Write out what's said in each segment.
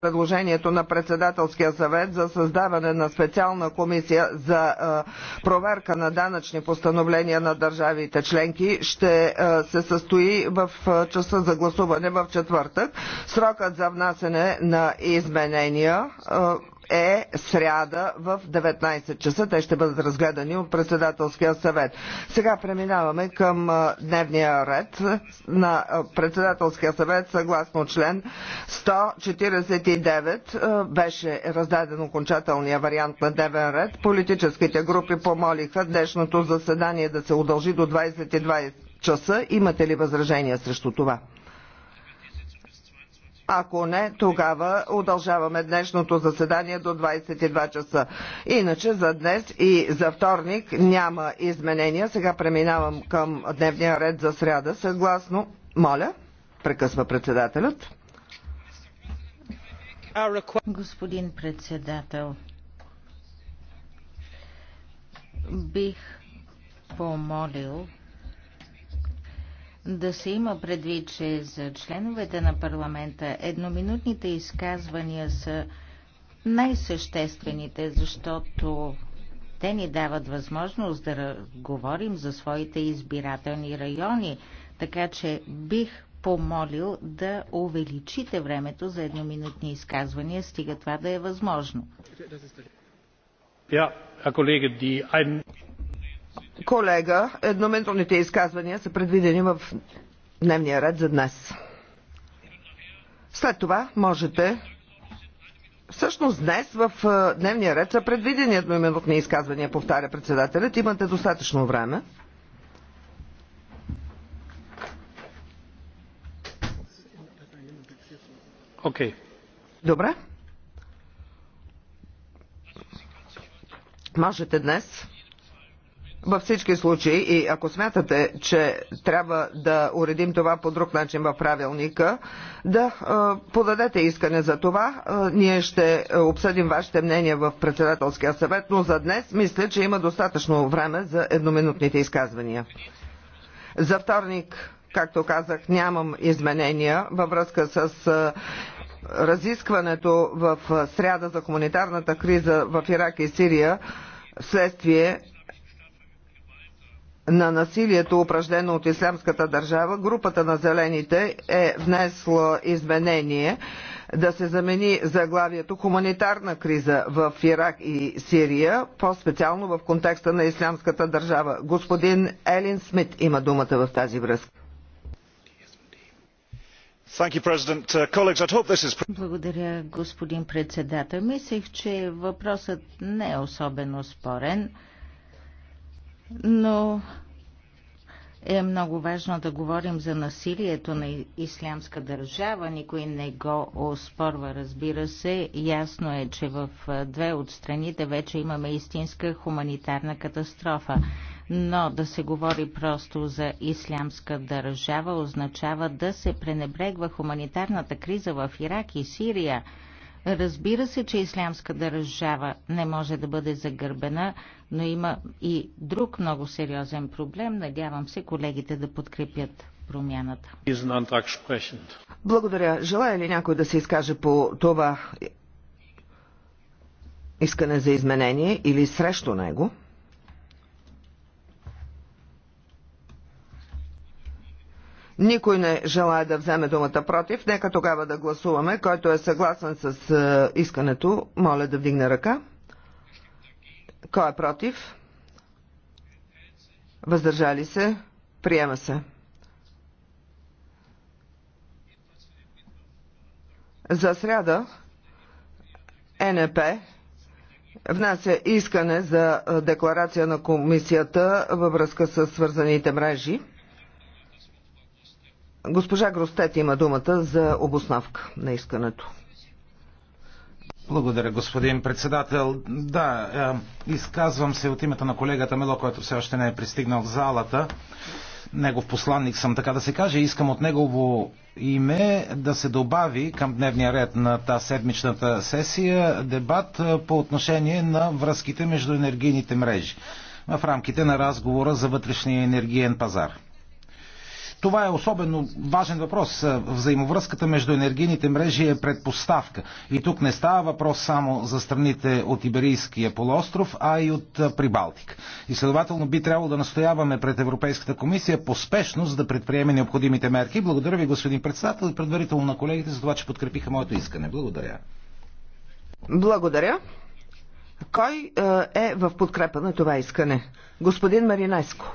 предложението на председателския съвет за създаване на специална комисия за е, проверка на данъчни постановления на държавите членки ще е, се състои в е, часа за гласуване в четвъртък. Срокът за внасене на изменения е сряда в 19 часа. Те ще бъдат разгледани от председателския съвет. Сега преминаваме към дневния ред на председателския съвет съгласно член 149 беше раздаден окончателния вариант на дневен ред. Политическите групи помолиха днешното заседание да се удължи до 22 часа. Имате ли възражения срещу това? Ако не, тогава удължаваме днешното заседание до 22 часа. Иначе за днес и за вторник няма изменения. Сега преминавам към дневния ред за сряда. Съгласно, моля, прекъсва председателят. Господин председател, бих помолил да се има предвид, че за членовете на парламента едноминутните изказвания са най-съществените, защото те ни дават възможност да говорим за своите избирателни райони, така че бих помолил да увеличите времето за едноминутни изказвания, стига това да е възможно. ein колега, едноминутните изказвания са предвидени в дневния ред за днес. След това можете... Всъщност днес в е, дневния ред са предвидени едноминутни изказвания, повтаря председателят. Имате достатъчно време. Окей. Okay. Добре. Можете днес във всички случаи, и ако смятате, че трябва да уредим това по друг начин в правилника, да подадете искане за това. Ние ще обсъдим вашите мнения в председателския съвет, но за днес мисля, че има достатъчно време за едноминутните изказвания. За вторник, както казах, нямам изменения във връзка с разискването в сряда за хуманитарната криза в Ирак и Сирия вследствие на насилието, упражнено от Ислямската държава, групата на зелените е внесла изменение да се замени заглавието Хуманитарна криза в Ирак и Сирия, по-специално в контекста на Ислямската държава. Господин Елин Смит има думата в тази връзка. Uh, Благодаря, господин председател. Мислех, че въпросът не е особено спорен но е много важно да говорим за насилието на ислямска държава. Никой не го оспорва, разбира се. Ясно е, че в две от страните вече имаме истинска хуманитарна катастрофа. Но да се говори просто за ислямска държава означава да се пренебрегва хуманитарната криза в Ирак и Сирия – Разбира се, че ислямска държава не може да бъде загърбена, но има и друг много сериозен проблем. Надявам се колегите да подкрепят промяната. Благодаря. Желая ли някой да се изкаже по това искане за изменение или срещу него? Никой не желая да вземе думата против. Нека тогава да гласуваме. Който е съгласен с е, искането, моля да вдигне ръка. Кой е против? Въздържали се? Приема се. За сряда НП внася искане за е, декларация на комисията във връзка с свързаните мрежи. Госпожа Гростет има думата за обосновка на искането. Благодаря, господин председател. Да, е, изказвам се от името на колегата Мело, който все още не е пристигнал в залата. Негов посланник съм, така да се каже. Искам от негово име да се добави към дневния ред на тази седмичната сесия дебат е, по отношение на връзките между енергийните мрежи в рамките на разговора за вътрешния енергиен пазар. Това е особено важен въпрос. Взаимовръзката между енергийните мрежи е предпоставка. И тук не става въпрос само за страните от Иберийския полуостров, а и от Прибалтик. И следователно би трябвало да настояваме пред Европейската комисия по спешност да предприеме необходимите мерки. Благодаря ви, господин председател, и предварително на колегите за това, че подкрепиха моето искане. Благодаря. Благодаря. Кой е, е в подкрепа на това искане? Господин Маринайско.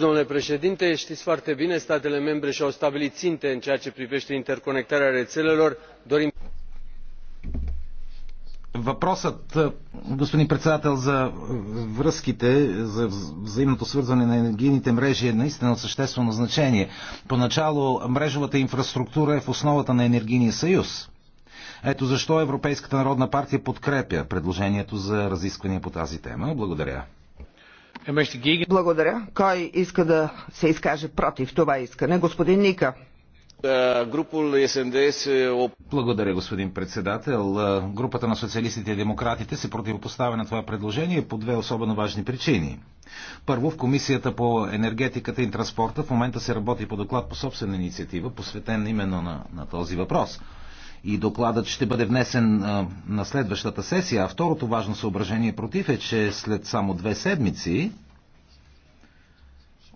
domnule președinte știți foarte bine statele membre și au stabilit ținte în ceea ce privește interconectarea rețelelor dorim. Въпросът, е, господин председател, за е, връзките, за взаимното свързване на енергийните мрежи е наистина от съществено значение. Поначало мрежовата инфраструктура е в основата на енергийния съюз. Ето защо Европейската народна партия подкрепя предложението за разисквания по тази тема. Благодаря. Благодаря. Кой иска да се изкаже против това искане? Господин Ника. Благодаря, господин председател. Групата на социалистите и демократите се противопоставя на това предложение по две особено важни причини. Първо, в Комисията по енергетиката и транспорта в момента се работи по доклад по собствена инициатива, посветен именно на, на този въпрос и докладът ще бъде внесен на следващата сесия. А второто важно съображение против е, че след само две седмици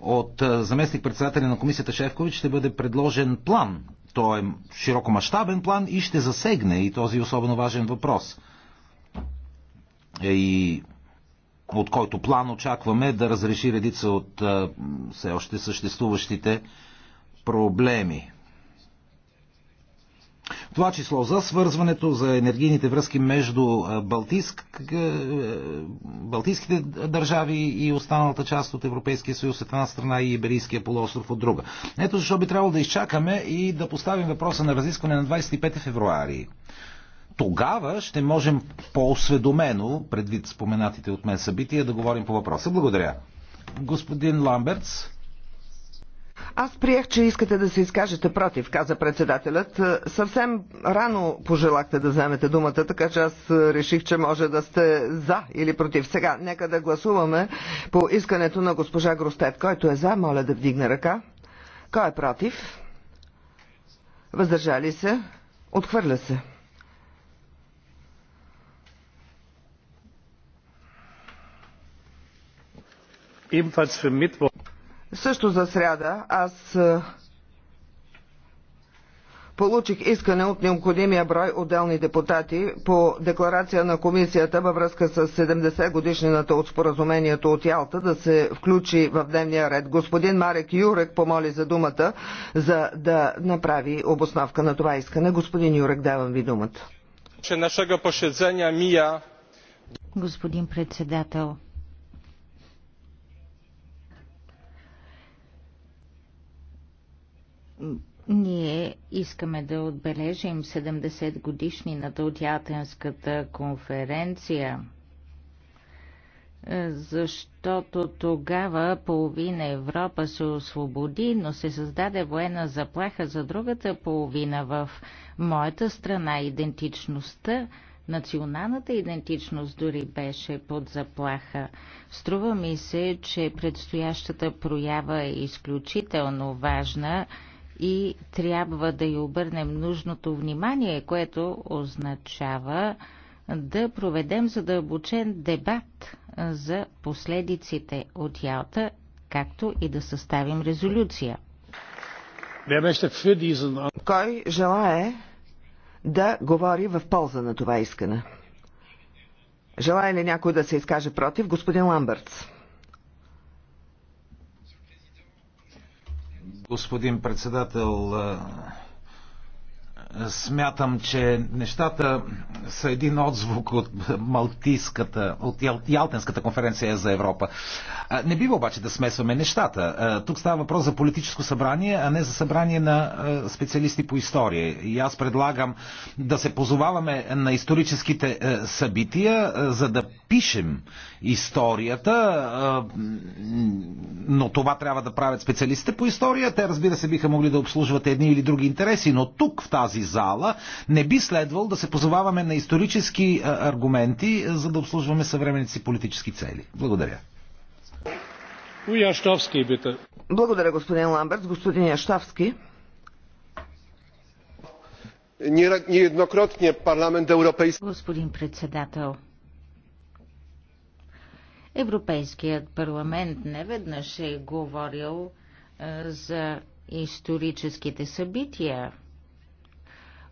от заместник председателя на комисията Шефкович ще бъде предложен план. Той е широко мащабен план и ще засегне и този особено важен въпрос. Е, и от който план очакваме да разреши редица от все още съществуващите проблеми. В това число за свързването, за енергийните връзки между Балтийск, е, е, Балтийските държави и останалата част от Европейския съюз от една страна и Иберийския полуостров от друга. Ето защо би трябвало да изчакаме и да поставим въпроса на разискване на 25 февруари. Тогава ще можем по-осведомено, предвид споменатите от мен събития, да говорим по въпроса. Благодаря. Господин Ламбертс. Аз приех, че искате да се изкажете против, каза председателят. Е, съвсем рано пожелахте да вземете думата, така че аз е, реших, че може да сте за или против. Сега, нека да гласуваме по искането на госпожа Гростет. Който е за, моля да вдигне ръка. Кой е против? Въздържали се? Отхвърля се. Ebenfalls für Mittwoch. Също за сряда аз е, получих искане от необходимия брой отделни депутати по декларация на комисията във връзка с 70 годишнината от споразумението от Ялта да се включи в дневния ред. Господин Марек Юрек помоли за думата, за да направи обосновка на това искане. Господин Юрек, давам ви думата. Господин председател, Ние искаме да отбележим 70 годишни на Ятенската конференция, защото тогава половина Европа се освободи, но се създаде военна заплаха за другата половина в моята страна. Идентичността Националната идентичност дори беше под заплаха. Струва ми се, че предстоящата проява е изключително важна и трябва да й обърнем нужното внимание, което означава да проведем задълбочен дебат за последиците от Ялта, както и да съставим резолюция. Кой желае да говори в полза на това искане? Желая ли някой да се изкаже против? Господин Ламбъртс. господин председател. Смятам, че нещата са един отзвук от Малтийската, от Ялтенската конференция за Европа. Не бива обаче да смесваме нещата. Тук става въпрос за политическо събрание, а не за събрание на специалисти по история. И аз предлагам да се позоваваме на историческите събития, за да пишем историята, но това трябва да правят специалистите по история. Те, разбира се, биха могли да обслужват едни или други интереси, но тук в тази тази зала, не би следвал да се позоваваме на исторически е, аргументи, е, за да обслужваме съвременните си политически цели. Благодаря. Благодаря, господин Ламберт. Господин Яштавски. Нееднократният парламент Европейски... Господин председател, Европейският парламент неведнъж е говорил е, за историческите събития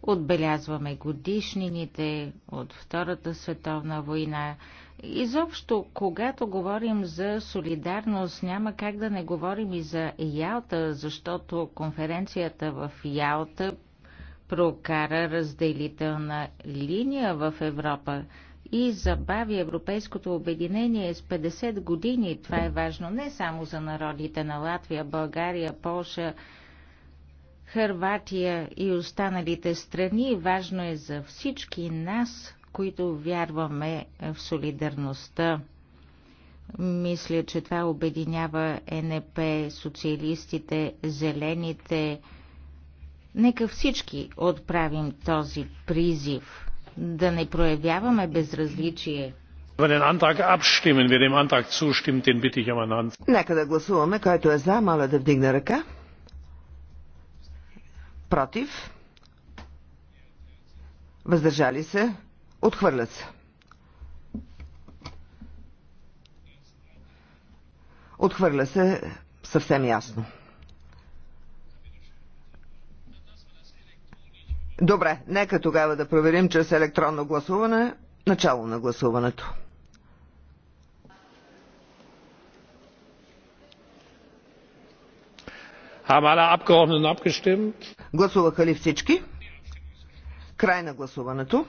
Отбелязваме годишнините от Втората световна война. Изобщо, когато говорим за солидарност, няма как да не говорим и за Ялта, защото конференцията в Ялта прокара разделителна линия в Европа и забави европейското обединение с 50 години. Това е важно не само за народите на Латвия, България, Полша, Хърватия и останалите страни. Важно е за всички нас, които вярваме в солидарността. Мисля, че това обединява НП, социалистите, зелените. Нека всички отправим този призив да не проявяваме безразличие. Um Нека да гласуваме, който е за, моля да вдигне ръка. Против. Въздържали се. Отхвърлят се. Отхвърля се съвсем ясно. Добре, нека тогава да проверим чрез електронно гласуване начало на гласуването. Haben alle Abgeordneten abgestimmt? Гласуваха ли всички? Край на гласуването.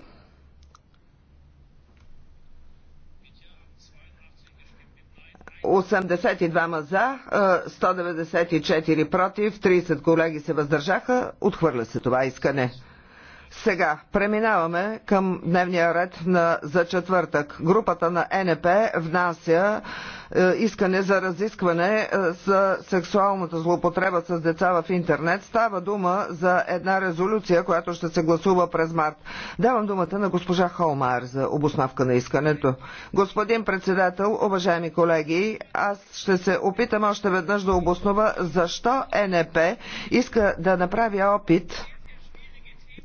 82 за, 194 против, 30 колеги се въздържаха. Отхвърля се това искане. Сега преминаваме към дневния ред на, за четвъртък. Групата на НП внася е, искане за разискване е, за сексуалната злоупотреба с деца в интернет. Става дума за една резолюция, която ще се гласува през март. Давам думата на госпожа Холмар за обосновка на искането. Господин председател, уважаеми колеги, аз ще се опитам още веднъж да обоснова защо НП иска да направи опит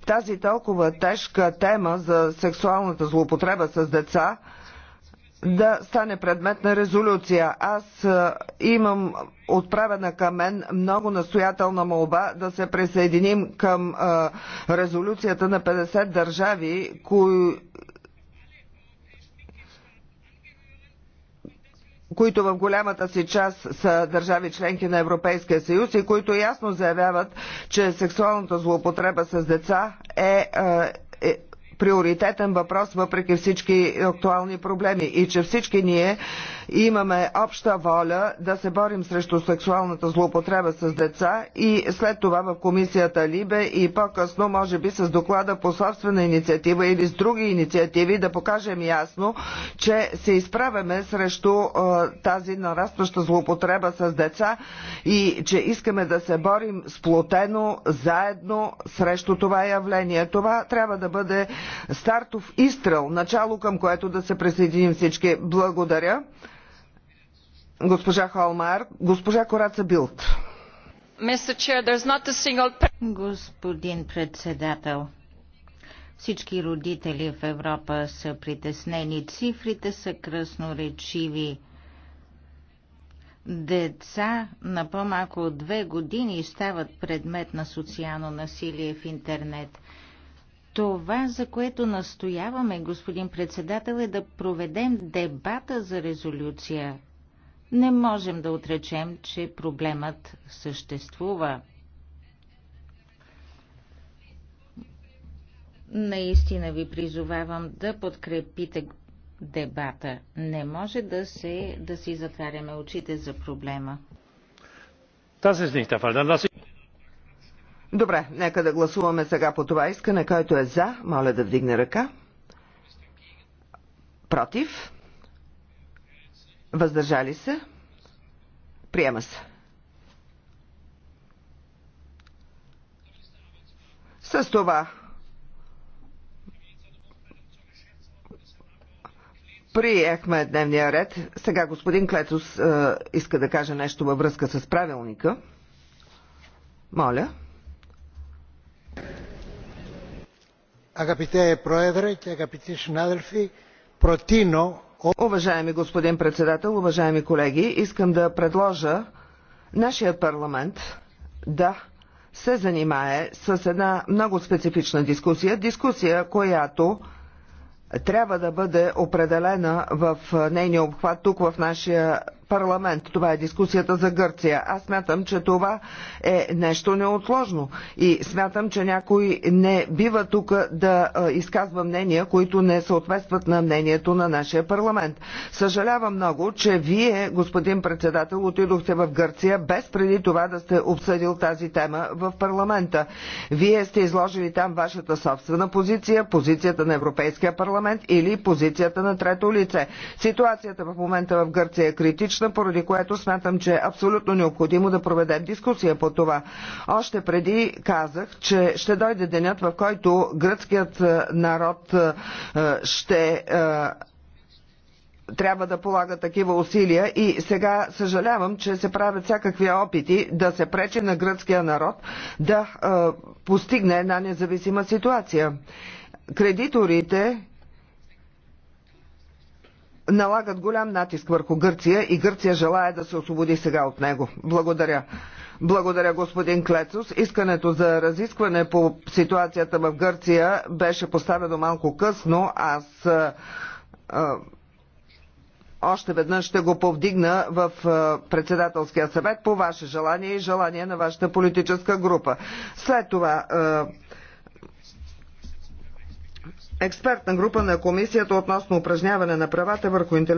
тази толкова тежка тема за сексуалната злоупотреба с деца да стане предмет на резолюция. Аз имам отправена към мен много настоятелна молба да се присъединим към резолюцията на 50 държави, кои които в голямата си част са държави членки на Европейския съюз и които ясно заявяват, че сексуалната злоупотреба с деца е, е приоритетен въпрос, въпреки всички актуални проблеми и че всички ние имаме обща воля да се борим срещу сексуалната злоупотреба с деца и след това в комисията Либе и по-късно, може би с доклада по собствена инициатива или с други инициативи да покажем ясно, че се изправяме срещу е, тази нарастваща злоупотреба с деца и че искаме да се борим сплотено, заедно срещу това явление. Това трябва да бъде стартов изстрел, начало към което да се присъединим всички. Благодаря. Госпожа Холмар, госпожа Кораца Билт. Господин председател, всички родители в Европа са притеснени. Цифрите са кръсноречиви. Деца на по-малко от две години стават предмет на социално насилие в интернет. Това, за което настояваме, господин председател, е да проведем дебата за резолюция. Не можем да отречем, че проблемът съществува. Наистина ви призовавам да подкрепите дебата. Не може да, се, да си затваряме очите за проблема. Das Добре, нека да гласуваме сега по това искане. Който е за, моля да вдигне ръка. Против? Въздържали се? Приема се. С това приехме дневния ред. Сега господин Клетос е, иска да каже нещо във връзка с правилника. Моля. Уважаеми господин председател, уважаеми колеги, искам да предложа нашия парламент да се занимае с една много специфична дискусия, дискусия, която трябва да бъде определена в нейния обхват тук в нашия парламент. Това е дискусията за Гърция. Аз смятам, че това е нещо неотложно и смятам, че някой не бива тук да изказва мнения, които не съответстват на мнението на нашия парламент. Съжалявам много, че вие, господин председател, отидохте в Гърция без преди това да сте обсъдил тази тема в парламента. Вие сте изложили там вашата собствена позиция, позицията на Европейския парламент или позицията на трето лице. Ситуацията в момента в Гърция е критична достатъчна, поради което смятам, че е абсолютно необходимо да проведем дискусия по това. Още преди казах, че ще дойде денят, в който гръцкият е, народ е, ще е, трябва да полага такива усилия и сега съжалявам, че се правят всякакви опити да се пречи на гръцкия народ да постигне една независима ситуация. Кредиторите налагат голям натиск върху Гърция и Гърция желая да се освободи сега от него. Благодаря. Благодаря, господин Клецус. Искането за разискване по ситуацията в Гърция беше поставено малко късно. Аз а, а, още веднъж ще го повдигна в председателския съвет по ваше желание и желание на вашата политическа група. След това експертна група на комисията относно упражняване на правата върху интелектуалната